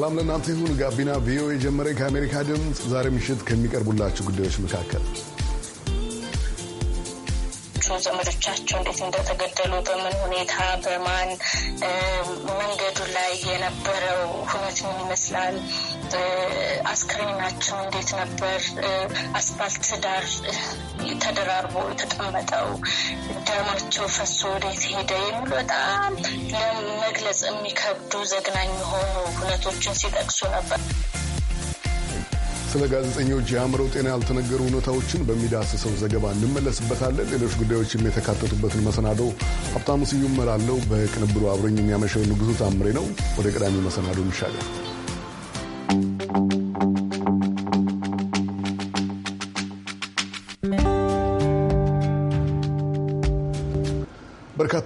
ሰላም ለእናንተ ይሁን። ጋቢና ቪኦኤ ጀመረ። ከአሜሪካ ድምፅ ዛሬ ምሽት ከሚቀርቡላችሁ ጉዳዮች መካከል ዘመዶቻቸው እንዴት እንደተገደሉ በምን ሁኔታ በማን መንገዱ ላይ የነበረው ሁነት ምን ይመስላል? አስክሬናቸው እንዴት ነበር? አስፋልት ዳር ተደራርቦ የተቀመጠው ደማቸው ፈሶ ወዴት ሄደ የሚሉ በጣም ለመግለጽ የሚከብዱ ዘግናኝ የሆኑ እውነቶችን ሲጠቅሱ ነበር። ስለ ጋዜጠኞች የአእምሮ ጤና ያልተነገሩ እውነታዎችን በሚዳስሰው ዘገባ እንመለስበታለን። ሌሎች ጉዳዮችም የተካተቱበትን መሰናዶ ሀብታሙ ስዩም መራለው። በቅንብሩ አብረኝ የሚያመሸው ንጉሱ ታምሬ ነው። ወደ ቀዳሚ መሰናዶ እንሻገር።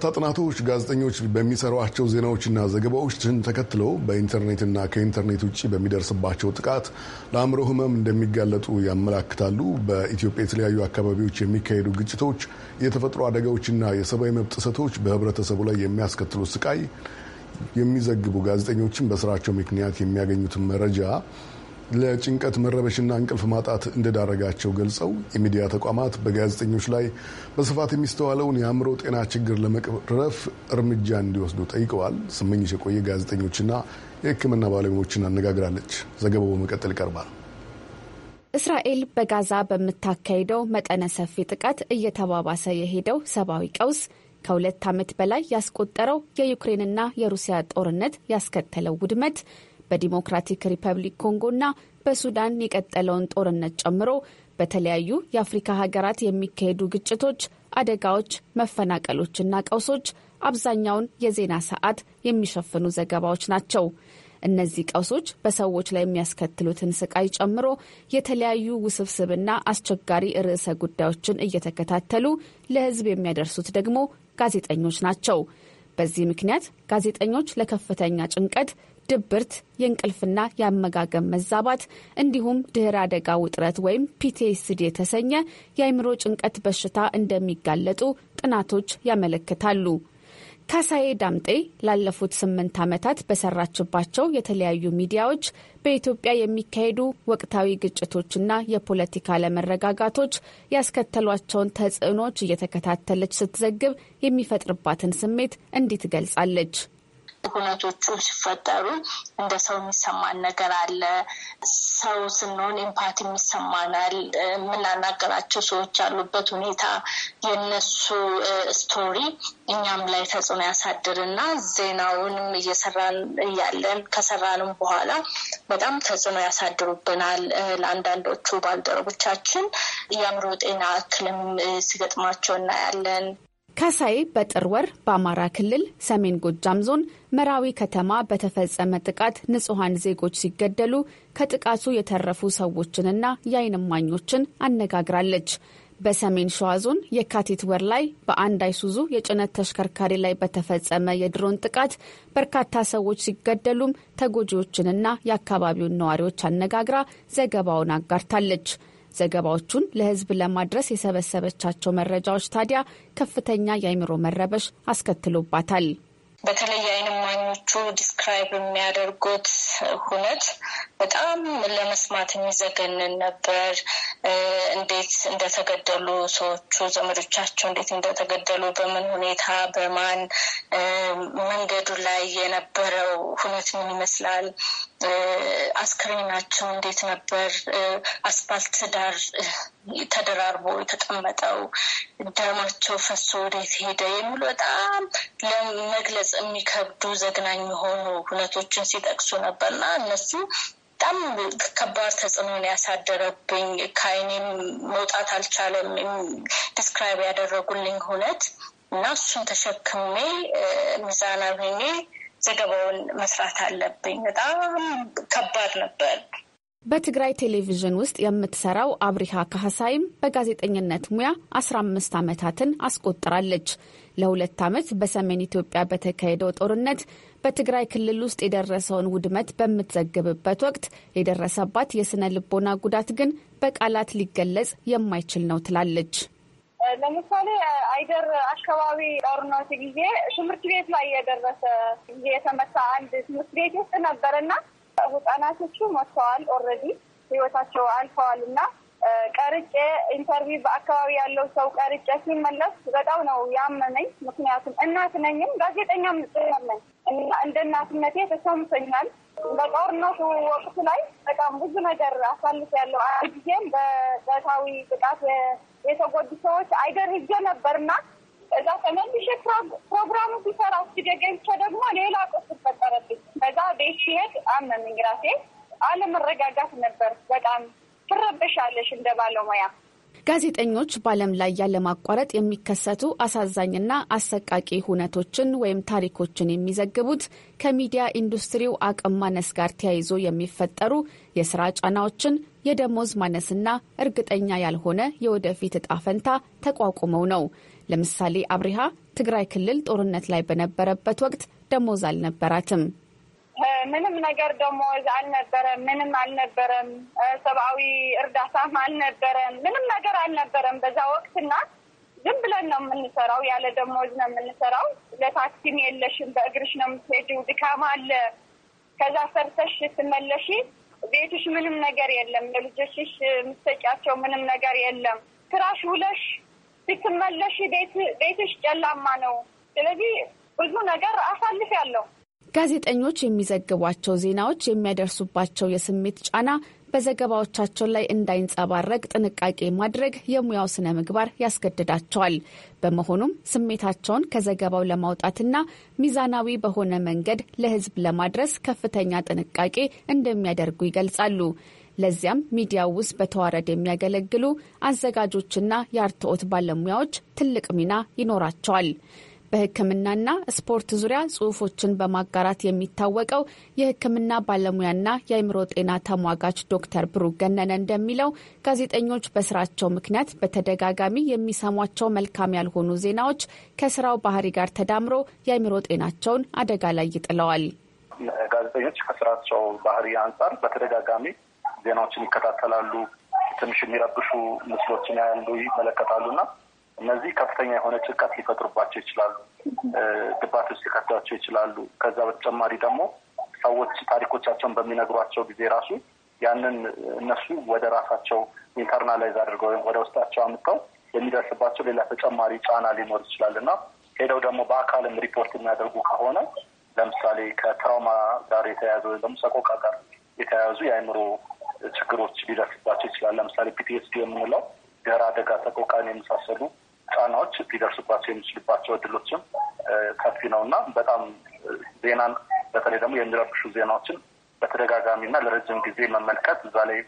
በርካታ ጥናቶች ጋዜጠኞች በሚሰሯቸው ዜናዎችና ዘገባዎችን ተከትለው በኢንተርኔትና ከኢንተርኔት ውጭ በሚደርስባቸው ጥቃት ለአእምሮ ሕመም እንደሚጋለጡ ያመላክታሉ። በኢትዮጵያ የተለያዩ አካባቢዎች የሚካሄዱ ግጭቶች፣ የተፈጥሮ አደጋዎችና የሰብአዊ መብት ጥሰቶች በህብረተሰቡ ላይ የሚያስከትሉት ስቃይ የሚዘግቡ ጋዜጠኞችን በስራቸው ምክንያት የሚያገኙትን መረጃ ለጭንቀት መረበሽና እንቅልፍ ማጣት እንደዳረጋቸው ገልጸው የሚዲያ ተቋማት በጋዜጠኞች ላይ በስፋት የሚስተዋለውን የአእምሮ ጤና ችግር ለመቅረፍ እርምጃ እንዲወስዱ ጠይቀዋል። ስመኝሽ የቆየ ጋዜጠኞችና የሕክምና ባለሙያዎችን አነጋግራለች። ዘገባው በመቀጠል ይቀርባል። እስራኤል በጋዛ በምታካሂደው መጠነ ሰፊ ጥቃት እየተባባሰ የሄደው ሰብአዊ ቀውስ ከሁለት ዓመት በላይ ያስቆጠረው የዩክሬንና የሩሲያ ጦርነት ያስከተለው ውድመት በዲሞክራቲክ ሪፐብሊክ ኮንጎና በሱዳን የቀጠለውን ጦርነት ጨምሮ በተለያዩ የአፍሪካ ሀገራት የሚካሄዱ ግጭቶች፣ አደጋዎች፣ መፈናቀሎችና ቀውሶች አብዛኛውን የዜና ሰዓት የሚሸፍኑ ዘገባዎች ናቸው። እነዚህ ቀውሶች በሰዎች ላይ የሚያስከትሉትን ስቃይ ጨምሮ የተለያዩ ውስብስብና አስቸጋሪ ርዕሰ ጉዳዮችን እየተከታተሉ ለሕዝብ የሚያደርሱት ደግሞ ጋዜጠኞች ናቸው። በዚህ ምክንያት ጋዜጠኞች ለከፍተኛ ጭንቀት፣ ድብርት፣ የእንቅልፍና የአመጋገብ መዛባት እንዲሁም ድህረ አደጋ ውጥረት ወይም ፒቲኤስዲ የተሰኘ የአይምሮ ጭንቀት በሽታ እንደሚጋለጡ ጥናቶች ያመለክታሉ። ካሳዬ ዳምጤ ላለፉት ስምንት ዓመታት በሰራችባቸው የተለያዩ ሚዲያዎች በኢትዮጵያ የሚካሄዱ ወቅታዊ ግጭቶችና የፖለቲካ አለመረጋጋቶች ያስከተሏቸውን ተጽዕኖዎች እየተከታተለች ስትዘግብ የሚፈጥርባትን ስሜት እንዲህ ትገልጻለች። ሁነቶቹ ሲፈጠሩ እንደ ሰው የሚሰማን ነገር አለ። ሰው ስንሆን ኤምፓቲ የሚሰማናል። የምናናገራቸው ሰዎች ያሉበት ሁኔታ የነሱ ስቶሪ እኛም ላይ ተጽዕኖ ያሳድርና ዜናውንም እየሰራን እያለን ከሰራንም በኋላ በጣም ተጽዕኖ ያሳድሩብናል። ለአንዳንዶቹ ባልደረቦቻችን የአእምሮ ጤና እክልም ሲገጥማቸው እናያለን። ከሳይ በጥር ወር በአማራ ክልል ሰሜን ጎጃም ዞን መራዊ ከተማ በተፈጸመ ጥቃት ንጹሐን ዜጎች ሲገደሉ ከጥቃቱ የተረፉ ሰዎችንና የዓይን እማኞችን አነጋግራለች። በሰሜን ሸዋ ዞን የካቲት ወር ላይ በአንድ አይሱዙ የጭነት ተሽከርካሪ ላይ በተፈጸመ የድሮን ጥቃት በርካታ ሰዎች ሲገደሉም ተጎጂዎችንና የአካባቢውን ነዋሪዎች አነጋግራ ዘገባውን አጋርታለች። ዘገባዎቹን ለህዝብ ለማድረስ የሰበሰበቻቸው መረጃዎች ታዲያ ከፍተኛ የአይምሮ መረበሽ አስከትሎባታል። በተለይ አይን እማኞቹ ዲስክራይብ የሚያደርጉት ሁነት በጣም ለመስማት የሚዘገንን ነበር። እንዴት እንደተገደሉ ሰዎቹ ዘመዶቻቸው እንዴት እንደተገደሉ፣ በምን ሁኔታ፣ በማን መንገዱ ላይ የነበረው ሁነት ምን ይመስላል፣ አስክሬናቸው እንዴት ነበር አስፋልት ዳር ተደራርቦ የተቀመጠው፣ ደማቸው ፈሶ ወዴት ሄደ የሚሉ በጣም ለመግለጽ የሚከብዱ ዘግናኝ የሆኑ ሁነቶችን ሲጠቅሱ ነበርና እነሱ በጣም ከባድ ተጽዕኖን ያሳደረብኝ ከአይኔም መውጣት አልቻለም ዲስክራይብ ያደረጉልኝ ሁነት እና እሱን ተሸክሜ ሚዛና ሆኜ ዘገባውን መስራት አለብኝ። በጣም ከባድ ነበር። በትግራይ ቴሌቪዥን ውስጥ የምትሰራው አብሪሃ ካህሳይም በጋዜጠኝነት ሙያ አስራ አምስት ዓመታትን አስቆጥራለች። ለሁለት ዓመት በሰሜን ኢትዮጵያ በተካሄደው ጦርነት በትግራይ ክልል ውስጥ የደረሰውን ውድመት በምትዘግብበት ወቅት የደረሰባት የስነ ልቦና ጉዳት ግን በቃላት ሊገለጽ የማይችል ነው ትላለች። ለምሳሌ አይደር አካባቢ ጦርነት ጊዜ ትምህርት ቤት ላይ የደረሰ ጊዜ የተመታ አንድ ትምህርት ቤት ውስጥ ነበርና ህጻናቶቹ ሞተዋል። ኦልሬዲ ህይወታቸው አልፈዋል እና ቀርጬ ኢንተርቪው በአካባቢ ያለው ሰው ቀርጬ ሲመለስ በጣም ነው ያመነኝ። ምክንያቱም እናት ነኝም ጋዜጠኛም ጭምር እና እንደ እናትነቴ ተሰምቶኛል። በጦርነቱ ወቅት ላይ በጣም ብዙ ነገር አሳልፍ ያለው አጊዜም በጾታዊ ጥቃት የተጎዱ ሰዎች አይደር ሄጄ ነበርና እዛ ተመልሼ ፕሮግራሙ ሲሰራ ስደገኝቸ ደግሞ ሌላ ቁስ ይፈጠረብኝ። ከዛ ቤት ሲሄድ አመመኝ ራሴ። አለመረጋጋት ነበር በጣም ትረበሻለሽ እንደ ባለሙያ። ጋዜጠኞች በዓለም ላይ ያለማቋረጥ የሚከሰቱ አሳዛኝና አሰቃቂ ሁነቶችን ወይም ታሪኮችን የሚዘግቡት ከሚዲያ ኢንዱስትሪው አቅም ማነስ ጋር ተያይዞ የሚፈጠሩ የስራ ጫናዎችን፣ የደሞዝ ማነስና እርግጠኛ ያልሆነ የወደፊት እጣ ፈንታ ተቋቁመው ነው። ለምሳሌ አብሪሃ ትግራይ ክልል ጦርነት ላይ በነበረበት ወቅት ደሞዝ አልነበራትም። ምንም ነገር ደሞዝ አልነበረም። ምንም አልነበረም። ሰብአዊ እርዳታም አልነበረም። ምንም ነገር አልነበረም በዛ ወቅት እና ዝም ብለን ነው የምንሰራው። ያለ ደሞዝ ነው የምንሰራው። ለታክሲም የለሽም፣ በእግርሽ ነው የምትሄጂው። ድካም አለ። ከዛ ሰርተሽ ስትመለሺ ቤትሽ ምንም ነገር የለም። ለልጆችሽ የምትሰጫቸው ምንም ነገር የለም። ትራሽ ውለሽ ስትመለሽ ቤትሽ ጨላማ ነው። ስለዚህ ብዙ ነገር አሳልፍ ያለው ጋዜጠኞች የሚዘግቧቸው ዜናዎች የሚያደርሱባቸው የስሜት ጫና በዘገባዎቻቸው ላይ እንዳይንጸባረቅ ጥንቃቄ ማድረግ የሙያው ስነ ምግባር ያስገድዳቸዋል። በመሆኑም ስሜታቸውን ከዘገባው ለማውጣትና ሚዛናዊ በሆነ መንገድ ለሕዝብ ለማድረስ ከፍተኛ ጥንቃቄ እንደሚያደርጉ ይገልጻሉ። ለዚያም ሚዲያው ውስጥ በተዋረድ የሚያገለግሉ አዘጋጆችና የአርትዖት ባለሙያዎች ትልቅ ሚና ይኖራቸዋል። በሕክምናና ስፖርት ዙሪያ ጽሁፎችን በማጋራት የሚታወቀው የሕክምና ባለሙያና የአእምሮ ጤና ተሟጋች ዶክተር ብሩክ ገነነ እንደሚለው ጋዜጠኞች በስራቸው ምክንያት በተደጋጋሚ የሚሰሟቸው መልካም ያልሆኑ ዜናዎች ከስራው ባህሪ ጋር ተዳምሮ የአእምሮ ጤናቸውን አደጋ ላይ ይጥለዋል። ጋዜጠኞች ከስራቸው ባህሪ አንጻር በተደጋጋሚ ዜናዎችን ይከታተላሉ። ትንሽ የሚረብሹ ምስሎችን ያሉ ይመለከታሉ እነዚህ ከፍተኛ የሆነ ጭንቀት ሊፈጥሩባቸው ይችላሉ። ድባት ውስጥ ሊከቷቸው ይችላሉ። ከዛ በተጨማሪ ደግሞ ሰዎች ታሪኮቻቸውን በሚነግሯቸው ጊዜ ራሱ ያንን እነሱ ወደ ራሳቸው ኢንተርናላይዝ አድርገው ወይም ወደ ውስጣቸው አምጥተው የሚደርስባቸው ሌላ ተጨማሪ ጫና ሊኖር ይችላል እና ሄደው ደግሞ በአካልም ሪፖርት የሚያደርጉ ከሆነ ለምሳሌ ከትራውማ ጋር የተያያዘ ወይም ደግሞ ሰቆቃ ጋር የተያያዙ የአእምሮ ችግሮች ሊደርስባቸው ይችላል። ለምሳሌ ፒቲኤስዲ የምንለው ገራ አደጋ ሰቆቃን የመሳሰሉ ጫናዎች ሊደርሱባቸው የሚችልባቸው እድሎችም ሰፊ ነው እና በጣም ዜናን በተለይ ደግሞ የሚረብሹ ዜናዎችን በተደጋጋሚ እና ለረጅም ጊዜ መመልከት እዛ ላይ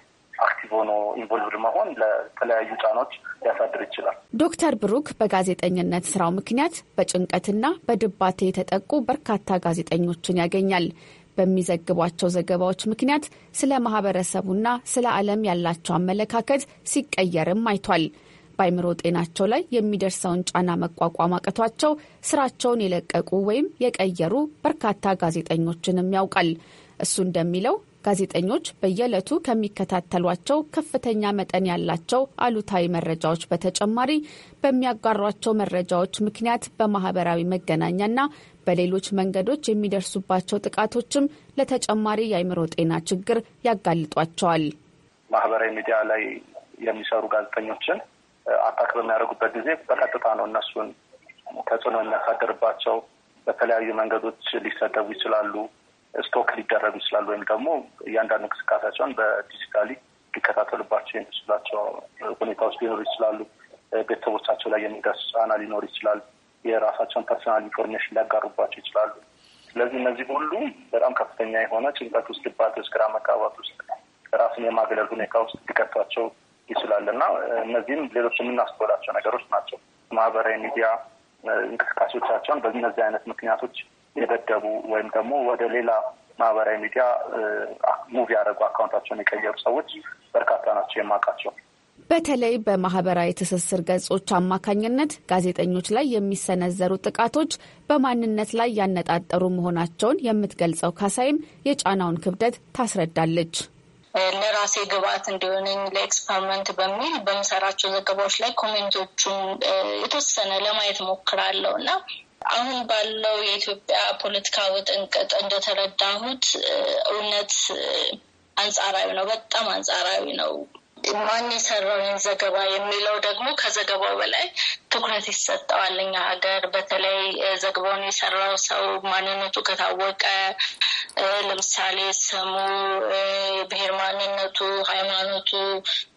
አክቲቭ ሆኖ ኢንቮልቭድ መሆን ለተለያዩ ጫናዎች ሊያሳድር ይችላል። ዶክተር ብሩክ በጋዜጠኝነት ስራው ምክንያት በጭንቀትና በድባቴ የተጠቁ በርካታ ጋዜጠኞችን ያገኛል። በሚዘግቧቸው ዘገባዎች ምክንያት ስለ ማህበረሰቡና ስለ ዓለም ያላቸው አመለካከት ሲቀየርም አይቷል። በአይምሮ ጤናቸው ላይ የሚደርሰውን ጫና መቋቋም አቅቷቸው ስራቸውን የለቀቁ ወይም የቀየሩ በርካታ ጋዜጠኞችንም ያውቃል። እሱ እንደሚለው ጋዜጠኞች በየዕለቱ ከሚከታተሏቸው ከፍተኛ መጠን ያላቸው አሉታዊ መረጃዎች በተጨማሪ በሚያጋሯቸው መረጃዎች ምክንያት በማህበራዊ መገናኛና በሌሎች መንገዶች የሚደርሱባቸው ጥቃቶችም ለተጨማሪ የአይምሮ ጤና ችግር ያጋልጧቸዋል። ማህበራዊ ሚዲያ ላይ የሚሰሩ ጋዜጠኞችን አታክ በሚያደርጉበት ጊዜ በቀጥታ ነው እነሱን ተጽዕኖ የሚያሳድርባቸው። በተለያዩ መንገዶች ሊሰደቡ ይችላሉ፣ ስቶክ ሊደረጉ ይችላሉ፣ ወይም ደግሞ እያንዳንዱ እንቅስቃሴያቸውን በዲጂታሊ ሊከታተሉባቸው የሚችላቸው ሁኔታዎች ሊኖሩ ይችላሉ። ቤተሰቦቻቸው ላይ የሚደርስ ጫና ሊኖር ይችላል። የራሳቸውን ፐርሰናል ኢንፎርሜሽን ሊያጋሩባቸው ይችላሉ። ስለዚህ እነዚህ ሁሉ በጣም ከፍተኛ የሆነ ጭንቀት ውስጥ፣ ድባት ውስጥ፣ ግራ መጋባት ውስጥ ራስን የማግለል ሁኔታ ውስጥ ሊከቷቸው ይችላል እና እነዚህም ሌሎች የምናስተውላቸው ነገሮች ናቸው። ማህበራዊ ሚዲያ እንቅስቃሴዎቻቸውን በእነዚህ አይነት ምክንያቶች የደደቡ ወይም ደግሞ ወደ ሌላ ማህበራዊ ሚዲያ ሙቪ ያደረጉ አካውንታቸውን የቀየሩ ሰዎች በርካታ ናቸው የማውቃቸው። በተለይ በማህበራዊ ትስስር ገጾች አማካኝነት ጋዜጠኞች ላይ የሚሰነዘሩ ጥቃቶች በማንነት ላይ ያነጣጠሩ መሆናቸውን የምትገልጸው ካሳይም የጫናውን ክብደት ታስረዳለች። ለራሴ ግብአት እንዲሆነኝ ለኤክስፐሪመንት በሚል በምሰራቸው ዘገባዎች ላይ ኮሜንቶቹን የተወሰነ ለማየት ሞክራለሁ እና አሁን ባለው የኢትዮጵያ ፖለቲካ ውጥንቅጥ እንደተረዳሁት እውነት አንጻራዊ ነው፣ በጣም አንጻራዊ ነው። ማን የሰራውን ዘገባ የሚለው ደግሞ ከዘገባው በላይ ትኩረት ይሰጠዋል። እኛ ሀገር በተለይ ዘግቦን የሰራው ሰው ማንነቱ ከታወቀ ለምሳሌ ስሙ፣ ብሔር ማንነቱ፣ ሃይማኖቱ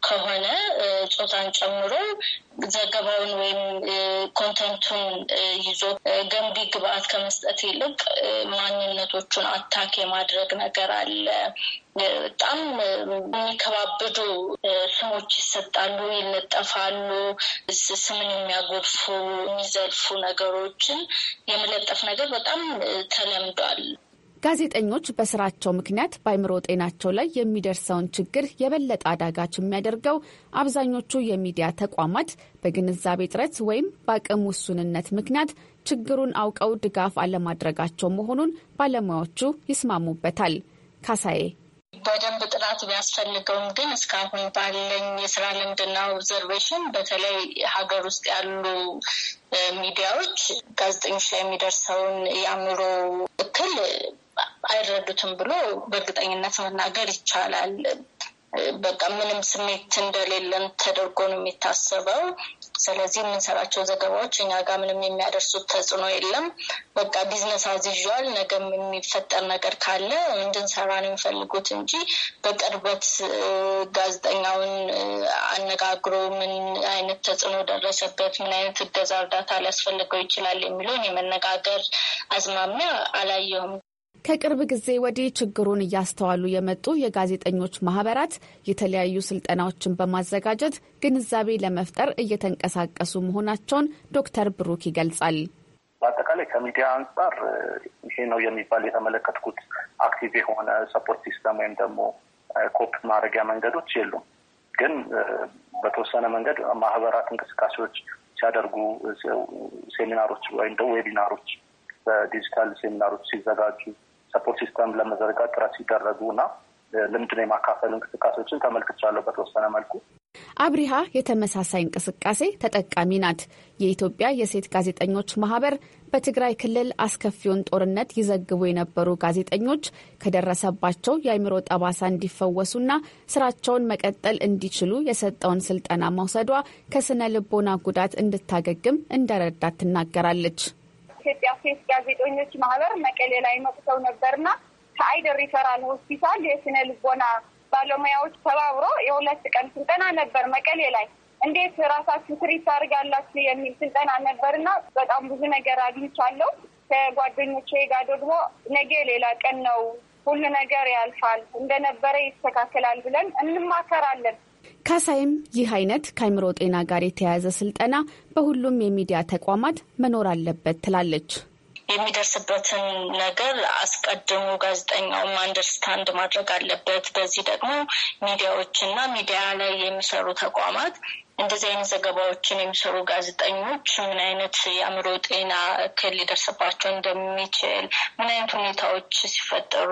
ከሆነ ጾታን ጨምሮ ዘገባውን ወይም ኮንተንቱን ይዞ ገንቢ ግብአት ከመስጠት ይልቅ ማንነቶቹን አታክ የማድረግ ነገር አለ። በጣም የሚከባብዱ ስሞች ይሰጣሉ፣ ይለጠፋሉ። ስምን የሚያጎድፉ የሚዘልፉ ነገሮችን የመለጠፍ ነገር በጣም ተለምዷል። ጋዜጠኞች በስራቸው ምክንያት በአይምሮ ጤናቸው ላይ የሚደርሰውን ችግር የበለጠ አዳጋች የሚያደርገው አብዛኞቹ የሚዲያ ተቋማት በግንዛቤ እጥረት ወይም በአቅም ውሱንነት ምክንያት ችግሩን አውቀው ድጋፍ አለማድረጋቸው መሆኑን ባለሙያዎቹ ይስማሙበታል። ካሳዬ በደንብ ጥናት ቢያስፈልገውም ግን እስካሁን ባለኝ የስራ ልምድና ኦብዘርቬሽን በተለይ ሀገር ውስጥ ያሉ ሚዲያዎች ጋዜጠኞች ላይ የሚደርሰውን የአእምሮ እክል አይረዱትም ብሎ በእርግጠኝነት መናገር ይቻላል። በቃ ምንም ስሜት እንደሌለን ተደርጎ ነው የሚታሰበው። ስለዚህ የምንሰራቸው ዘገባዎች እኛ ጋር ምንም የሚያደርሱት ተጽዕኖ የለም። በቃ ቢዝነስ አዝዣል። ነገም የሚፈጠር ነገር ካለ እንድንሰራ ነው የሚፈልጉት እንጂ በቅርበት ጋዜጠኛውን አነጋግሮ ምን አይነት ተጽዕኖ ደረሰበት፣ ምን አይነት እገዛ እርዳታ ሊያስፈልገው ይችላል የሚለውን የመነጋገር አዝማሚያ አላየውም? ከቅርብ ጊዜ ወዲህ ችግሩን እያስተዋሉ የመጡ የጋዜጠኞች ማህበራት የተለያዩ ስልጠናዎችን በማዘጋጀት ግንዛቤ ለመፍጠር እየተንቀሳቀሱ መሆናቸውን ዶክተር ብሩክ ይገልጻል። በአጠቃላይ ከሚዲያ አንጻር ይሄ ነው የሚባል የተመለከትኩት አክቲቭ የሆነ ሰፖርት ሲስተም ወይም ደግሞ ኮፕ ማድረጊያ መንገዶች የሉም። ግን በተወሰነ መንገድ ማህበራት እንቅስቃሴዎች ሲያደርጉ ሴሚናሮች ወይም ደግሞ ዌቢናሮች በዲጂታል ሴሚናሮች ሲዘጋጁ ሰፖርት ሲስተም ለመዘርጋት ጥረት ሲደረጉ እና ልምድን የማካፈል እንቅስቃሴዎችን ተመልክቻለሁ በተወሰነ መልኩ። አብሪሃ የተመሳሳይ እንቅስቃሴ ተጠቃሚ ናት። የኢትዮጵያ የሴት ጋዜጠኞች ማህበር በትግራይ ክልል አስከፊውን ጦርነት ይዘግቡ የነበሩ ጋዜጠኞች ከደረሰባቸው የአእምሮ ጠባሳ እንዲፈወሱና ስራቸውን መቀጠል እንዲችሉ የሰጠውን ስልጠና መውሰዷ ከስነ ልቦና ጉዳት እንድታገግም እንደረዳት ትናገራለች። ኢትዮጵያ ሴት ጋዜጠኞች ማህበር መቀሌ ላይ መጥተው ነበርና ከአይደር ሪፈራል ሆስፒታል የስነ ልቦና ባለሙያዎች ተባብሮ የሁለት ቀን ስልጠና ነበር መቀሌ ላይ እንዴት ራሳችሁ ትሪት ታደርጋላችሁ የሚል ስልጠና ነበርና በጣም ብዙ ነገር አግኝቻለሁ። ከጓደኞቼ ጋር ደግሞ ነገ ሌላ ቀን ነው፣ ሁሉ ነገር ያልፋል፣ እንደነበረ ይስተካከላል ብለን እንማከራለን። ካሳይም ይህ አይነት ከአይምሮ ጤና ጋር የተያያዘ ስልጠና በሁሉም የሚዲያ ተቋማት መኖር አለበት ትላለች። የሚደርስበትን ነገር አስቀድሞ ጋዜጠኛውም አንደርስታንድ ማድረግ አለበት። በዚህ ደግሞ ሚዲያዎች እና ሚዲያ ላይ የሚሰሩ ተቋማት እንደዚህ አይነት ዘገባዎችን የሚሰሩ ጋዜጠኞች ምን አይነት የአእምሮ ጤና እክል ሊደርስባቸው እንደሚችል፣ ምን አይነት ሁኔታዎች ሲፈጠሩ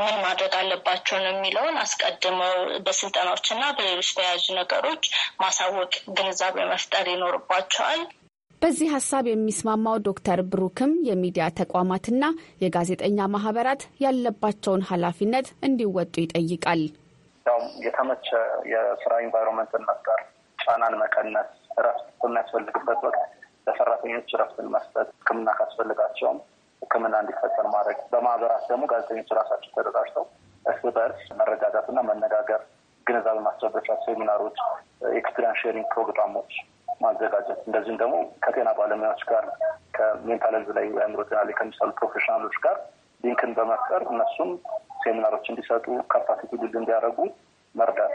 ምን ማድረግ አለባቸው ነው የሚለውን አስቀድመው በስልጠናዎች እና በሌሎች ተያያዥ ነገሮች ማሳወቅ፣ ግንዛቤ መፍጠር ይኖርባቸዋል። በዚህ ሀሳብ የሚስማማው ዶክተር ብሩክም የሚዲያ ተቋማትና የጋዜጠኛ ማህበራት ያለባቸውን ኃላፊነት እንዲወጡ ይጠይቃል። ያው የተመቸ የስራ ኢንቫይሮንመንትን መፍጠር ጫናን መቀነስ፣ እረፍት በሚያስፈልግበት ወቅት ለሰራተኞች እረፍትን መስጠት፣ ሕክምና ካስፈልጋቸውም ሕክምና እንዲፈጠር ማድረግ፣ በማህበራት ደግሞ ጋዜጠኞች ራሳቸው ተደራጅተው እርስ በእርስ መረጋጋትና መነጋገር፣ ግንዛቤ ማስጨበጫ ሴሚናሮች፣ ኤክስፒሪያንስ ሼሪንግ ፕሮግራሞች ማዘጋጀት እንደዚሁም ደግሞ ከጤና ባለሙያዎች ጋር ከሜንታል ሄልዝ ላይ የአእምሮ ጤና ላይ ከሚሰሩ ፕሮፌሽናሎች ጋር ሊንክን በመፍጠር እነሱም ሴሚናሮች እንዲሰጡ ካፓሲቲ ቢልድ እንዲያደርጉ መርዳት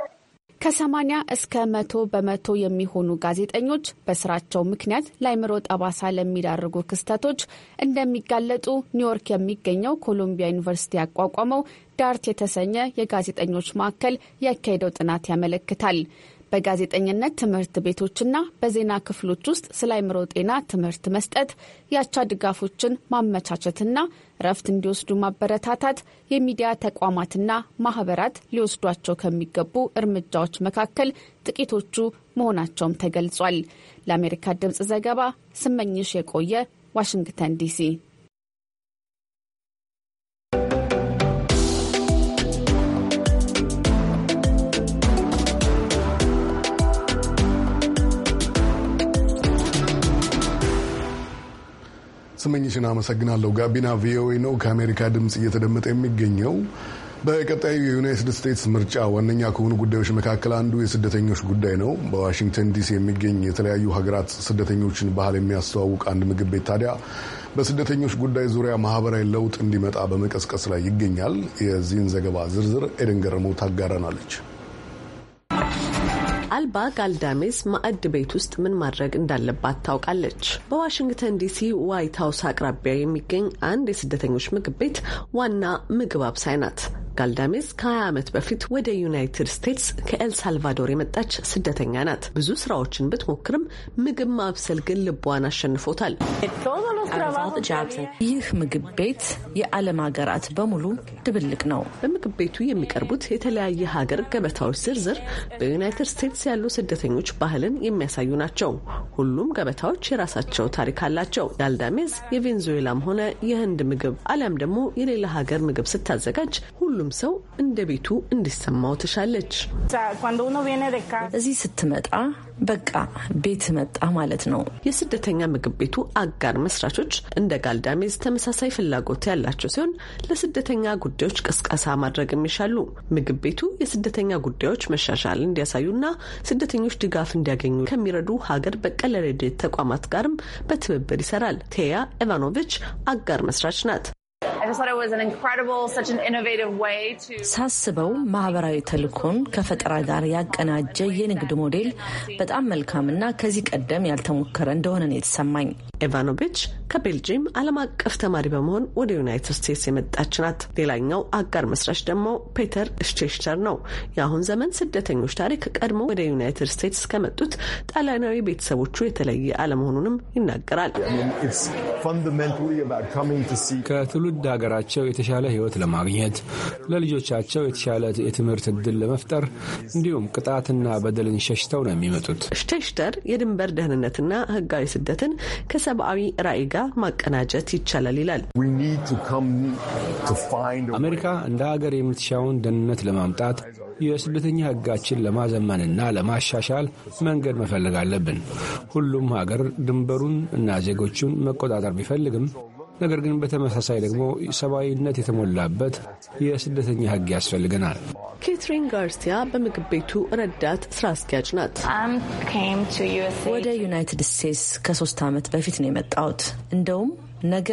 ከ80 እስከ መቶ በመቶ የሚሆኑ ጋዜጠኞች በስራቸው ምክንያት ለአይምሮ ጠባሳ ለሚዳርጉ ክስተቶች እንደሚጋለጡ ኒውዮርክ የሚገኘው ኮሎምቢያ ዩኒቨርሲቲ ያቋቋመው ዳርት የተሰኘ የጋዜጠኞች ማዕከል ያካሄደው ጥናት ያመለክታል። በጋዜጠኝነት ትምህርት ቤቶችና በዜና ክፍሎች ውስጥ ስለ አይምሮ ጤና ትምህርት መስጠት፣ የአቻ ድጋፎችን ማመቻቸትና እረፍት እንዲወስዱ ማበረታታት የሚዲያ ተቋማትና ማህበራት ሊወስዷቸው ከሚገቡ እርምጃዎች መካከል ጥቂቶቹ መሆናቸውም ተገልጿል። ለአሜሪካ ድምፅ ዘገባ ስመኝሽ የቆየ ዋሽንግተን ዲሲ ስመኝሽን አመሰግናለሁ። ጋቢና ቪኦኤ ነው ከአሜሪካ ድምፅ እየተደመጠ የሚገኘው። በቀጣዩ የዩናይትድ ስቴትስ ምርጫ ዋነኛ ከሆኑ ጉዳዮች መካከል አንዱ የስደተኞች ጉዳይ ነው። በዋሽንግተን ዲሲ የሚገኝ የተለያዩ ሀገራት ስደተኞችን ባህል የሚያስተዋውቅ አንድ ምግብ ቤት ታዲያ በስደተኞች ጉዳይ ዙሪያ ማህበራዊ ለውጥ እንዲመጣ በመቀስቀስ ላይ ይገኛል። የዚህን ዘገባ ዝርዝር ኤደን ገረመው ታጋረናለች። አልባ ጋልዳሜዝ ማዕድ ቤት ውስጥ ምን ማድረግ እንዳለባት ታውቃለች። በዋሽንግተን ዲሲ ዋይት ሀውስ አቅራቢያ የሚገኝ አንድ የስደተኞች ምግብ ቤት ዋና ምግብ አብሳይ ናት። ጋልዳሜዝ ከ20 ዓመት በፊት ወደ ዩናይትድ ስቴትስ ከኤልሳልቫዶር የመጣች ስደተኛ ናት። ብዙ ስራዎችን ብትሞክርም ምግብ ማብሰል ግን ልቧን አሸንፎታል። ይህ ምግብ ቤት የዓለም ሀገራት በሙሉ ድብልቅ ነው። በምግብ ቤቱ የሚቀርቡት የተለያየ ሀገር ገበታዎች ዝርዝር በዩናይትድ ስቴትስ ያሉ ስደተኞች ባህልን የሚያሳዩ ናቸው። ሁሉም ገበታዎች የራሳቸው ታሪክ አላቸው። ጋልዳሜዝ የቬንዙዌላም ሆነ የህንድ ምግብ አሊያም ደግሞ የሌላ ሀገር ምግብ ስታዘጋጅ ሁሉም ሁሉም ሰው እንደ ቤቱ እንዲሰማው ትሻለች። እዚህ ስትመጣ በቃ ቤት መጣ ማለት ነው። የስደተኛ ምግብ ቤቱ አጋር መስራቾች እንደ ጋልዳሜዝ ተመሳሳይ ፍላጎት ያላቸው ሲሆን ለስደተኛ ጉዳዮች ቅስቀሳ ማድረግም ይሻሉ። ምግብ ቤቱ የስደተኛ ጉዳዮች መሻሻል እንዲያሳዩና ስደተኞች ድጋፍ እንዲያገኙ ከሚረዱ ሀገር በቀል ረድኤት ተቋማት ጋርም በትብብር ይሰራል። ቴያ ኢቫኖቪች አጋር መስራች ናት። ሳስበው ማህበራዊ ተልእኮን ከፈጠራ ጋር ያቀናጀ የንግድ ሞዴል በጣም መልካምና ከዚህ ቀደም ያልተሞከረ እንደሆነ ነው የተሰማኝ። ኢቫኖቪች ከቤልጂየም ዓለም አቀፍ ተማሪ በመሆን ወደ ዩናይትድ ስቴትስ የመጣች ናት። ሌላኛው አጋር መስራች ደግሞ ፔተር ስቼስተር ነው። የአሁን ዘመን ስደተኞች ታሪክ ቀድሞ ወደ ዩናይትድ ስቴትስ ከመጡት ጣሊያናዊ ቤተሰቦቹ የተለየ አለመሆኑንም ይናገራል። ከትውልድ ለሀገራቸው የተሻለ ህይወት ለማግኘት ለልጆቻቸው የተሻለ የትምህርት እድል ለመፍጠር እንዲሁም ቅጣትና በደልን ሸሽተው ነው የሚመጡት። ሽተሽተር የድንበር ደህንነትና ህጋዊ ስደትን ከሰብአዊ ራዕይ ጋር ማቀናጀት ይቻላል ይላል። አሜሪካ እንደ ሀገር የምትሻውን ደህንነት ለማምጣት የስደተኛ ህጋችን ለማዘመንና ለማሻሻል መንገድ መፈለግ አለብን። ሁሉም ሀገር ድንበሩን እና ዜጎቹን መቆጣጠር ቢፈልግም ነገር ግን በተመሳሳይ ደግሞ ሰብአዊነት የተሞላበት የስደተኛ ህግ ያስፈልገናል። ኬትሪን ጋርሲያ በምግብ ቤቱ ረዳት ስራ አስኪያጅ ናት። ወደ ዩናይትድ ስቴትስ ከሶስት ዓመት በፊት ነው የመጣሁት። እንደውም ነገ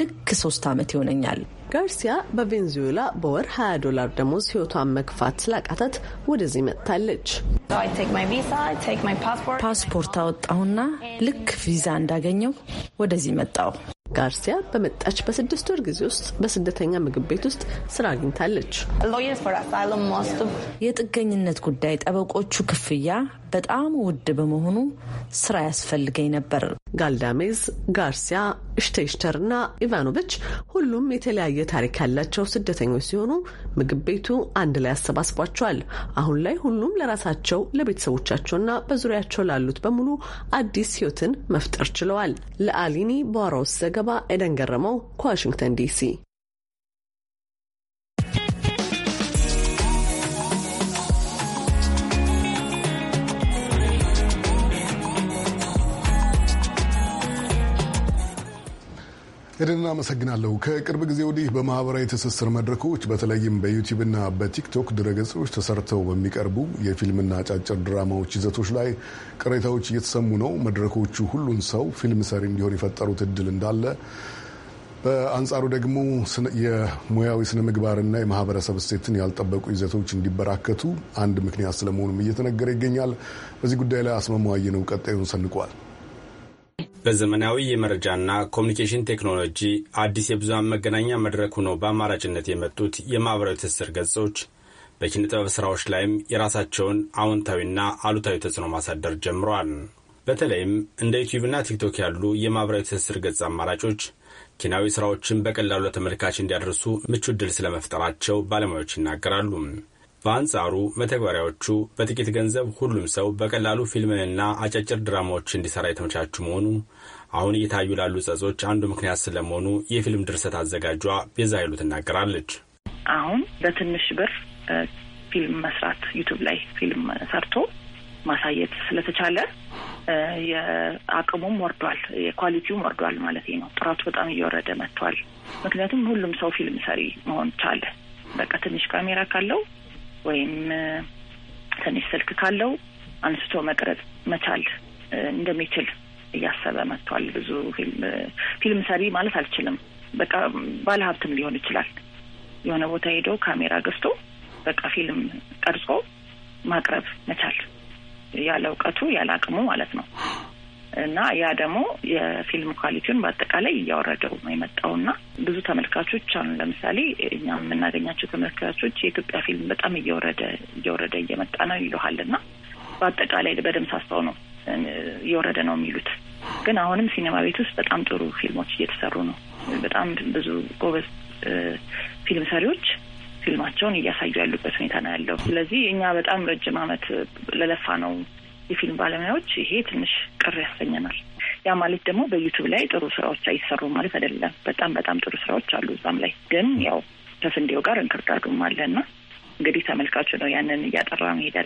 ልክ ሶስት ዓመት ይሆነኛል። ጋርሲያ በቬንዙዌላ በወር 20 ዶላር ደሞዝ ህይወቷን መግፋት ስላቃታት ወደዚህ መጥታለች። ፓስፖርት አወጣሁና ልክ ቪዛ እንዳገኘው ወደዚህ መጣው። ጋርሲያ በመጣች በስድስት ወር ጊዜ ውስጥ በስደተኛ ምግብ ቤት ውስጥ ስራ አግኝታለች። የጥገኝነት ጉዳይ ጠበቆቹ ክፍያ በጣም ውድ በመሆኑ ስራ ያስፈልገኝ ነበር። ጋልዳሜዝ፣ ጋርሲያ፣ ሽቴሽተር እና ኢቫኖቪች ሁሉም የተለያየ ታሪክ ያላቸው ስደተኞች ሲሆኑ ምግብ ቤቱ አንድ ላይ አሰባስቧቸዋል። አሁን ላይ ሁሉም ለራሳቸው ለቤተሰቦቻቸውና በዙሪያቸው ላሉት በሙሉ አዲስ ህይወትን መፍጠር ችለዋል። ለአሊኒ በዋራ ዘገባ ዘገባ ኤደን ገረመው ከዋሽንግተን ዲሲ ኤደን አመሰግናለሁ። ከቅርብ ጊዜ ወዲህ በማህበራዊ ትስስር መድረኮች በተለይም በዩቲዩብና በቲክቶክ ድረገጾች ተሰርተው በሚቀርቡ የፊልምና አጫጭር ድራማዎች ይዘቶች ላይ ቅሬታዎች እየተሰሙ ነው። መድረኮቹ ሁሉን ሰው ፊልም ሰሪ እንዲሆን የፈጠሩት እድል እንዳለ በአንጻሩ ደግሞ የሙያዊ ስነ ምግባርና የማህበረሰብ እሴትን ያልጠበቁ ይዘቶች እንዲበራከቱ አንድ ምክንያት ስለመሆኑም እየተነገረ ይገኛል። በዚህ ጉዳይ ላይ አስማማው አየነው ቀጣዩን ሰንቋል። በዘመናዊ የመረጃና ኮሚኒኬሽን ቴክኖሎጂ አዲስ የብዙሃን መገናኛ መድረክ ሆኖ በአማራጭነት የመጡት የማህበራዊ ትስስር ገጾች በኪነ ጥበብ ስራዎች ላይም የራሳቸውን አዎንታዊና አሉታዊ ተጽዕኖ ማሳደር ጀምረዋል። በተለይም እንደ ዩቲዩብና ቲክቶክ ያሉ የማህበራዊ ትስስር ገጽ አማራጮች ኪናዊ ስራዎችን በቀላሉ ለተመልካች እንዲያደርሱ ምቹ ድል ስለመፍጠራቸው ባለሙያዎች ይናገራሉ። በአንጻሩ መተግበሪያዎቹ በጥቂት ገንዘብ ሁሉም ሰው በቀላሉ ፊልምንና አጫጭር ድራማዎች እንዲሰራ የተመቻቹ መሆኑ አሁን እየታዩ ላሉ ጸጾች አንዱ ምክንያት ስለመሆኑ የፊልም ድርሰት አዘጋጇ ቤዛ ኃይሉ ትናገራለች። አሁን በትንሽ ብር ፊልም መስራት ዩቱብ ላይ ፊልም ሰርቶ ማሳየት ስለተቻለ የአቅሙም ወርዷል፣ የኳሊቲውም ወርዷል ማለት ነው። ጥራቱ በጣም እየወረደ መጥቷል። ምክንያቱም ሁሉም ሰው ፊልም ሰሪ መሆን ቻለ። በቃ ትንሽ ካሜራ ካለው ወይም ትንሽ ስልክ ካለው አንስቶ መቅረጽ መቻል እንደሚችል እያሰበ መጥቷል። ብዙ ፊልም ሰሪ ማለት አልችልም፣ በቃ ባለሀብትም ሊሆን ይችላል። የሆነ ቦታ ሄዶ ካሜራ ገዝቶ በቃ ፊልም ቀርጾ ማቅረብ መቻል ያለ እውቀቱ ያለ አቅሙ ማለት ነው። እና ያ ደግሞ የፊልም ኳሊቲውን በአጠቃላይ እያወረደው ነው የመጣው እና ብዙ ተመልካቾች አሁን ለምሳሌ እኛ የምናገኛቸው ተመልካቾች የኢትዮጵያ ፊልም በጣም እየወረደ እየወረደ እየመጣ ነው ይለሃል እና በአጠቃላይ በደም ሳስተው ነው እየወረደ ነው የሚሉት። ግን አሁንም ሲኔማ ቤት ውስጥ በጣም ጥሩ ፊልሞች እየተሰሩ ነው። በጣም ብዙ ጎበዝ ፊልም ሰሪዎች ፊልማቸውን እያሳዩ ያሉበት ሁኔታ ነው ያለው። ስለዚህ እኛ በጣም ረጅም ዓመት ለለፋ ነው የፊልም ባለሙያዎች ይሄ ትንሽ ቅር ያሰኘናል። ያ ማለት ደግሞ በዩቱብ ላይ ጥሩ ስራዎች አይሰሩም ማለት አይደለም። በጣም በጣም ጥሩ ስራዎች አሉ እዛም ላይ ግን ያው ከስንዴው ጋር እንክርዳዱም አለና እንግዲህ ተመልካቹ ነው ያንን እያጠራ መሄድ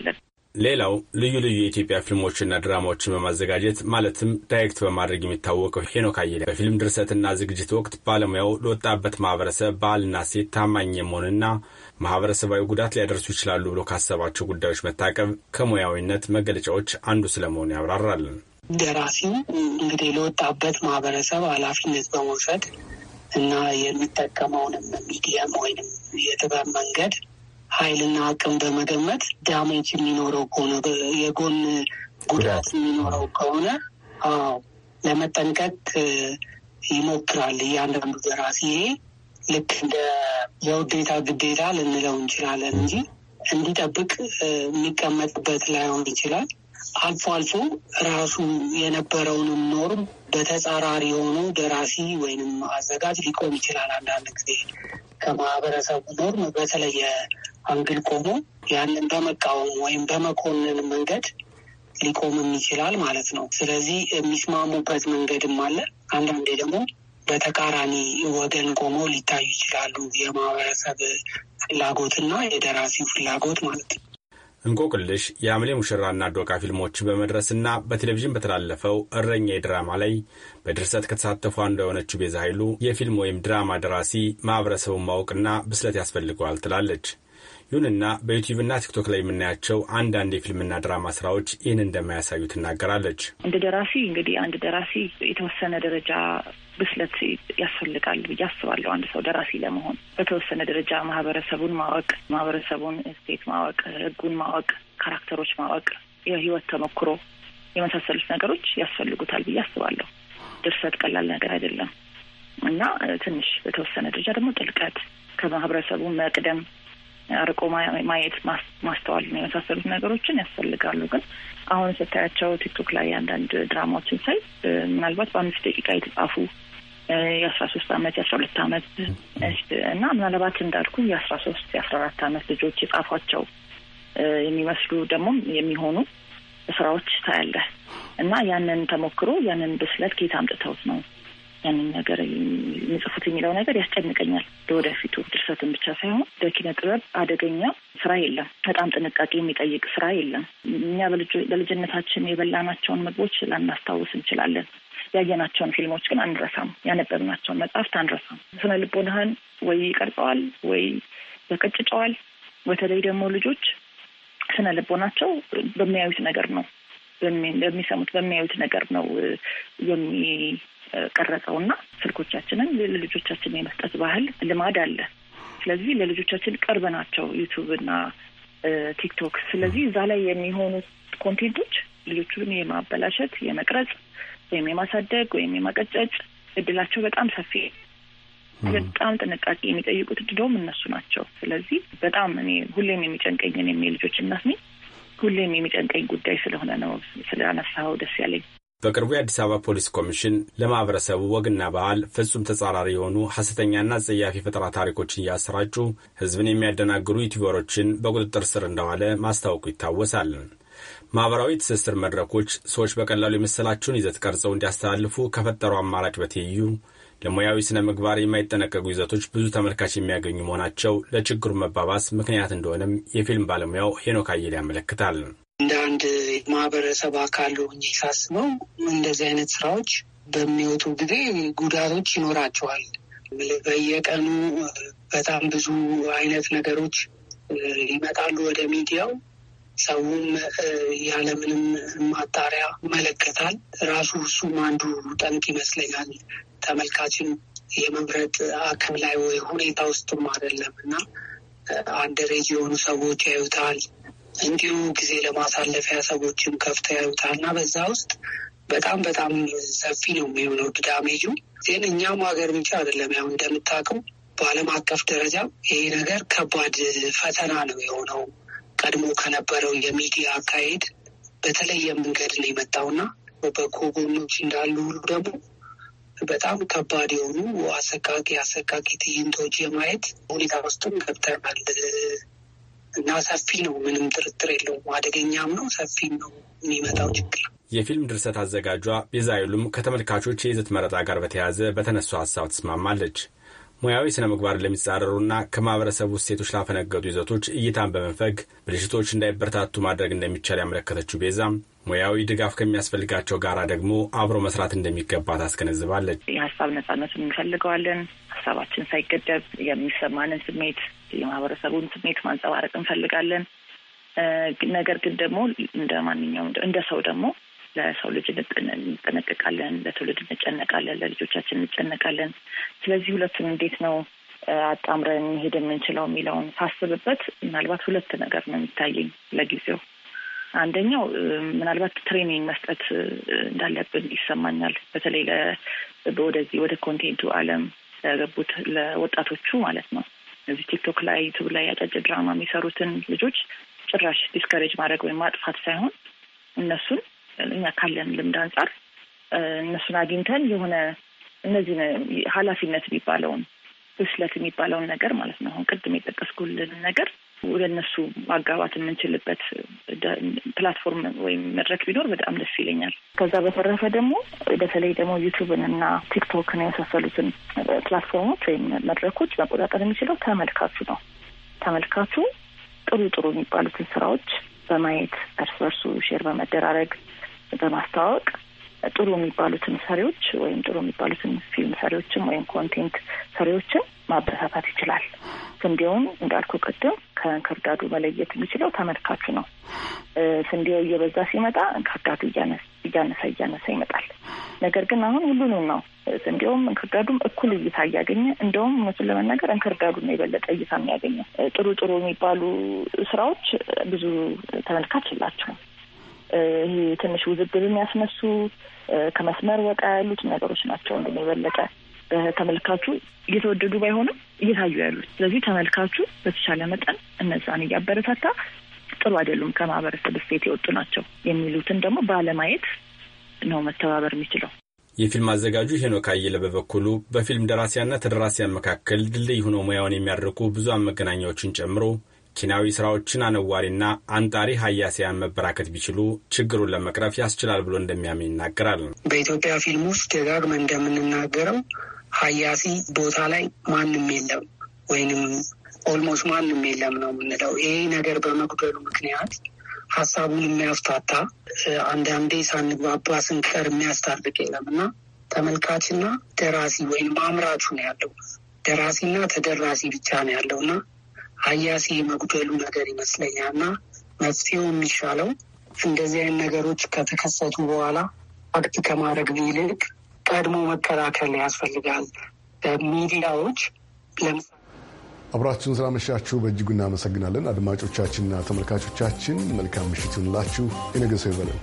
ሌላው ልዩ ልዩ የኢትዮጵያ ፊልሞችና ድራማዎችን በማዘጋጀት ማለትም ዳይሬክት በማድረግ የሚታወቀው ሄኖክ አየለ በፊልም ድርሰትና ዝግጅት ወቅት ባለሙያው ለወጣበት ማህበረሰብ ባልና ሴት ታማኝ የመሆንና ማህበረሰባዊ ጉዳት ሊያደርሱ ይችላሉ ብሎ ካሰባቸው ጉዳዮች መታቀብ ከሙያዊነት መገለጫዎች አንዱ ስለመሆኑ ያብራራል። ደራሲ እንግዲህ ለወጣበት ማህበረሰብ ኃላፊነት በመውሰድ እና የሚጠቀመውንም ሚዲየም ወይንም የጥበብ መንገድ ኃይልና አቅም በመገመት ዳሜጅ የሚኖረው ከሆነ የጎን ጉዳት የሚኖረው ከሆነ አዎ ለመጠንቀቅ ይሞክራል እያንዳንዱ ደራሲ። ይሄ ልክ እንደ የውዴታ ግዴታ ልንለው እንችላለን እንጂ እንዲጠብቅ የሚቀመጥበት ላይሆን ይችላል። አልፎ አልፎ ራሱ የነበረውንም ኖርም በተጻራሪ ሆኖ ደራሲ ወይንም አዘጋጅ ሊቆም ይችላል። አንዳንድ ጊዜ ከማህበረሰቡ ኖርም በተለየ አንግል ቆሞ ያንን በመቃወም ወይም በመኮንን መንገድ ሊቆምም ይችላል ማለት ነው። ስለዚህ የሚስማሙበት መንገድም አለ። አንዳንዴ ደግሞ በተቃራኒ ወገን ቆመው ሊታዩ ይችላሉ። የማህበረሰብ ፍላጎትና የደራሲው ፍላጎት ማለት ነው። እንቆቅልሽ፣ የአምሌ ሙሽራና ዶቃ ፊልሞች በመድረስና በቴሌቪዥን በተላለፈው እረኛ የድራማ ላይ በድርሰት ከተሳተፉ አንዱ የሆነችው ቤዛ ኃይሉ የፊልም ወይም ድራማ ደራሲ ማህበረሰቡን ማወቅና ብስለት ያስፈልገዋል ትላለች። ይሁንና በዩቲዩብና ቲክቶክ ላይ የምናያቸው አንዳንድ የፊልምና ድራማ ስራዎች ይህን እንደማያሳዩ ትናገራለች። እንደ ደራሲ እንግዲህ አንድ ደራሲ የተወሰነ ደረጃ ብስለት ያስፈልጋል ብዬ አስባለሁ። አንድ ሰው ደራሲ ለመሆን በተወሰነ ደረጃ ማህበረሰቡን ማወቅ፣ ማህበረሰቡን ስቴት ማወቅ፣ ህጉን ማወቅ፣ ካራክተሮች ማወቅ፣ የህይወት ተሞክሮ የመሳሰሉት ነገሮች ያስፈልጉታል ብዬ አስባለሁ። ድርሰት ቀላል ነገር አይደለም እና ትንሽ በተወሰነ ደረጃ ደግሞ ጥልቀት ከማህበረሰቡ መቅደም አርቆ ማየት ማስተዋል ነው የመሳሰሉት ነገሮችን ያስፈልጋሉ። ግን አሁን ስታያቸው ቲክቶክ ላይ አንዳንድ ድራማዎችን ሳይ ምናልባት በአምስት ደቂቃ የተጻፉ የአስራ ሶስት አመት የአስራ ሁለት አመት እና ምናልባት እንዳልኩ የአስራ ሶስት የአስራ አራት አመት ልጆች የጻፏቸው የሚመስሉ ደግሞ የሚሆኑ ስራዎች ታያለህ እና ያንን ተሞክሮ ያንን ብስለት ከየት አምጥተውት ነው ያንን ነገር የሚጽፉት የሚለው ነገር ያስጨንቀኛል። ለወደፊቱ ድርሰትን ብቻ ሳይሆን በኪነ ጥበብ አደገኛ ስራ የለም። በጣም ጥንቃቄ የሚጠይቅ ስራ የለም። እኛ በልጅነታችን የበላናቸውን ምግቦች ላናስታውስ እንችላለን። ያየናቸውን ፊልሞች ግን አንረሳም። ያነበብናቸውን መጽሐፍት አንረሳም። ስነ ልቦናህን ወይ ይቀርጸዋል ወይ ያቀጭጨዋል። በተለይ ደግሞ ልጆች ስነ ልቦናቸው በሚያዩት ነገር ነው በሚሰሙት በሚያዩት ነገር ነው የሚቀረጸው እና ስልኮቻችንን ለልጆቻችን የመስጠት ባህል ልማድ አለ። ስለዚህ ለልጆቻችን ቅርብ ናቸው ዩቱብ እና ቲክቶክ። ስለዚህ እዛ ላይ የሚሆኑት ኮንቴንቶች ልጆቹን የማበላሸት የመቅረጽ ወይም የማሳደግ ወይም የማቀጨጭ እድላቸው በጣም ሰፊ በጣም ጥንቃቄ የሚጠይቁት ድዶም እነሱ ናቸው። ስለዚህ በጣም እኔ ሁሌም የሚጨንቀኝን የሚ ልጆች እናት ነኝ ሁሌም የሚጨንቀኝ ጉዳይ ስለሆነ ነው ስላነሳኸው ደስ ያለኝ። በቅርቡ የአዲስ አበባ ፖሊስ ኮሚሽን ለማህበረሰቡ ወግና ባህል ፍጹም ተጻራሪ የሆኑ ሐሰተኛና ጸያፊ ፈጠራ ታሪኮችን እያሰራጩ ህዝብን የሚያደናግሩ ዩቲዩበሮችን በቁጥጥር ስር እንደዋለ ማስታወቁ ይታወሳል። ማህበራዊ ትስስር መድረኮች ሰዎች በቀላሉ የመሰላቸውን ይዘት ቀርጸው እንዲያስተላልፉ ከፈጠሩ አማራጭ በትይዩ ለሙያዊ ስነ ምግባር የማይጠነቀቁ ይዘቶች ብዙ ተመልካች የሚያገኙ መሆናቸው ለችግሩ መባባስ ምክንያት እንደሆነም የፊልም ባለሙያው ሄኖክ ያመለክታል። እንደ አንድ ማህበረሰብ አካል ሆኜ ሳስበው እንደዚህ አይነት ስራዎች በሚወጡ ጊዜ ጉዳቶች ይኖራቸዋል። በየቀኑ በጣም ብዙ አይነት ነገሮች ይመጣሉ ወደ ሚዲያው። ሰውም ያለምንም ማጣሪያ ይመለከታል። ራሱ እሱም አንዱ ጠንቅ ይመስለኛል። ተመልካችን የመምረጥ አቅም ላይ ወይ ሁኔታ ውስጥም አይደለም እና ሬጅ የሆኑ ሰዎች ያዩታል። እንዲሁ ጊዜ ለማሳለፊያ ሰዎችም ከፍተ ያዩታል እና በዛ ውስጥ በጣም በጣም ሰፊ ነው የሚሆነው ድዳሜጁ። ግን እኛም ሀገር ብቻ አይደለም ያው እንደምታውቀው በዓለም አቀፍ ደረጃ ይሄ ነገር ከባድ ፈተና ነው የሆነው። ቀድሞ ከነበረው የሚዲያ አካሄድ በተለየ መንገድ ነው የመጣውና በጎ ጎኖች እንዳሉ ሁሉ ደግሞ በጣም ከባድ የሆኑ አሰቃቂ አሰቃቂ ትዕይንቶች የማየት ሁኔታ ውስጥም ገብተናል እና ሰፊ ነው፣ ምንም ጥርጥር የለውም። አደገኛም ነው፣ ሰፊም ነው የሚመጣው ችግር። የፊልም ድርሰት አዘጋጇ ቤዛይሉም ከተመልካቾች የይዘት መረጣ ጋር በተያያዘ በተነሱ ሀሳብ ትስማማለች። ሙያዊ ስነ ምግባር ለሚጻረሩና ከማህበረሰቡ እሴቶች ላፈነገጡ ይዘቶች እይታን በመንፈግ ብልሽቶች እንዳይበረታቱ ማድረግ እንደሚቻል ያመለከተችው ቤዛም ሙያዊ ድጋፍ ከሚያስፈልጋቸው ጋራ ደግሞ አብሮ መስራት እንደሚገባ ታስገነዝባለች። የሀሳብ ነጻነትን እንፈልገዋለን። ሀሳባችን ሳይገደብ የሚሰማንን ስሜት፣ የማህበረሰቡን ስሜት ማንጸባረቅ እንፈልጋለን። ነገር ግን ደግሞ እንደ ማንኛውም እንደ ሰው ደግሞ ለሰው ልጅ እንጠነቀቃለን፣ ለትውልድ እንጨነቃለን፣ ለልጆቻችን እንጨነቃለን። ስለዚህ ሁለቱን እንዴት ነው አጣምረን መሄድ የምንችለው የሚለውን ሳስብበት ምናልባት ሁለት ነገር ነው የሚታየኝ ለጊዜው። አንደኛው ምናልባት ትሬኒንግ መስጠት እንዳለብን ይሰማኛል። በተለይ ወደዚህ ወደ ኮንቴንቱ ዓለም ለገቡት ለወጣቶቹ ማለት ነው። እዚህ ቲክቶክ ላይ ዩቱብ ላይ አጫጭር ድራማ የሚሰሩትን ልጆች ጭራሽ ዲስከሬጅ ማድረግ ወይም ማጥፋት ሳይሆን እነሱን ይመስላል። እኛ ካለን ልምድ አንጻር እነሱን አግኝተን የሆነ እነዚህ ኃላፊነት የሚባለውን ብስለት የሚባለውን ነገር ማለት ነው። አሁን ቅድም የጠቀስኩልን ነገር ወደ እነሱ ማጋባት የምንችልበት ፕላትፎርም ወይም መድረክ ቢኖር በጣም ደስ ይለኛል። ከዛ በተረፈ ደግሞ በተለይ ደግሞ ዩቱብን እና ቲክቶክን የመሳሰሉትን ፕላትፎርሞች ወይም መድረኮች መቆጣጠር የሚችለው ተመልካቹ ነው። ተመልካቹ ጥሩ ጥሩ የሚባሉትን ስራዎች በማየት እርስ በርሱ ሼር በመደራረግ በማስተዋወቅ ጥሩ የሚባሉትን ሰሪዎች ወይም ጥሩ የሚባሉትን ፊልም ሰሪዎችን ወይም ኮንቴንት ሰሪዎችን ማበረታታት ይችላል። ስንዴውን እንዳልኩ ቅድም ከእንክርዳዱ መለየት የሚችለው ተመልካቹ ነው። ስንዴው እየበዛ ሲመጣ እንክርዳዱ እያነሳ እያነሳ ይመጣል። ነገር ግን አሁን ሁሉንም ነው እንዲሁም እንክርዳዱም እኩል እይታ እያገኘ እንደውም እውነቱን ለመናገር እንክርዳዱ ነው የበለጠ እይታ የሚያገኘው። ጥሩ ጥሩ የሚባሉ ስራዎች ብዙ ተመልካች የላቸውም። ይሄ ትንሽ ውዝግብ የሚያስነሱ ከመስመር ወቃ ያሉት ነገሮች ናቸው። እንደውም የበለጠ ተመልካቹ እየተወደዱ ባይሆንም እየታዩ ያሉት። ስለዚህ ተመልካቹ በተቻለ መጠን እነዛን እያበረታታ ጥሩ አይደሉም፣ ከማህበረሰብ እሴት የወጡ ናቸው የሚሉትን ደግሞ ባለማየት ነው መተባበር የሚችለው። የፊልም አዘጋጁ ሄኖክ አየለ በበኩሉ በፊልም ደራሲያና ተደራሲያን መካከል ድልድይ ሆኖ ሙያውን የሚያደርጉ ብዙ መገናኛዎችን ጨምሮ ኪናዊ ስራዎችን አነዋሪና አንጣሪ ሀያሲያን መበራከት ቢችሉ ችግሩን ለመቅረፍ ያስችላል ብሎ እንደሚያምን ይናገራል። በኢትዮጵያ ፊልም ውስጥ ደጋግመ እንደምንናገረው ሀያሲ ቦታ ላይ ማንም የለም ወይንም ኦልሞስት ማንም የለም ነው የምንለው። ይሄ ነገር በመጉደሉ ምክንያት ሀሳቡን የሚያፍታታ አንዳንዴ ሳንግባባ ስንቀር የሚያስታርቅ የለም እና ተመልካችና ደራሲ ወይም አምራቹ ነው ያለው። ደራሲና ተደራሲ ብቻ ነው ያለው እና አያሴ መጉደሉ ነገር ይመስለኛል እና መፍትሄው የሚሻለው እንደዚህ አይነት ነገሮች ከተከሰቱ በኋላ አክት ከማድረግ ይልቅ ቀድሞ መከላከል ያስፈልጋል። ሚዲያዎች አብራችሁን ስላመሻችሁ በእጅጉ እናመሰግናለን። አድማጮቻችንና ተመልካቾቻችን መልካም ምሽት ይሁንላችሁ። የነገ ሰው ይበለን።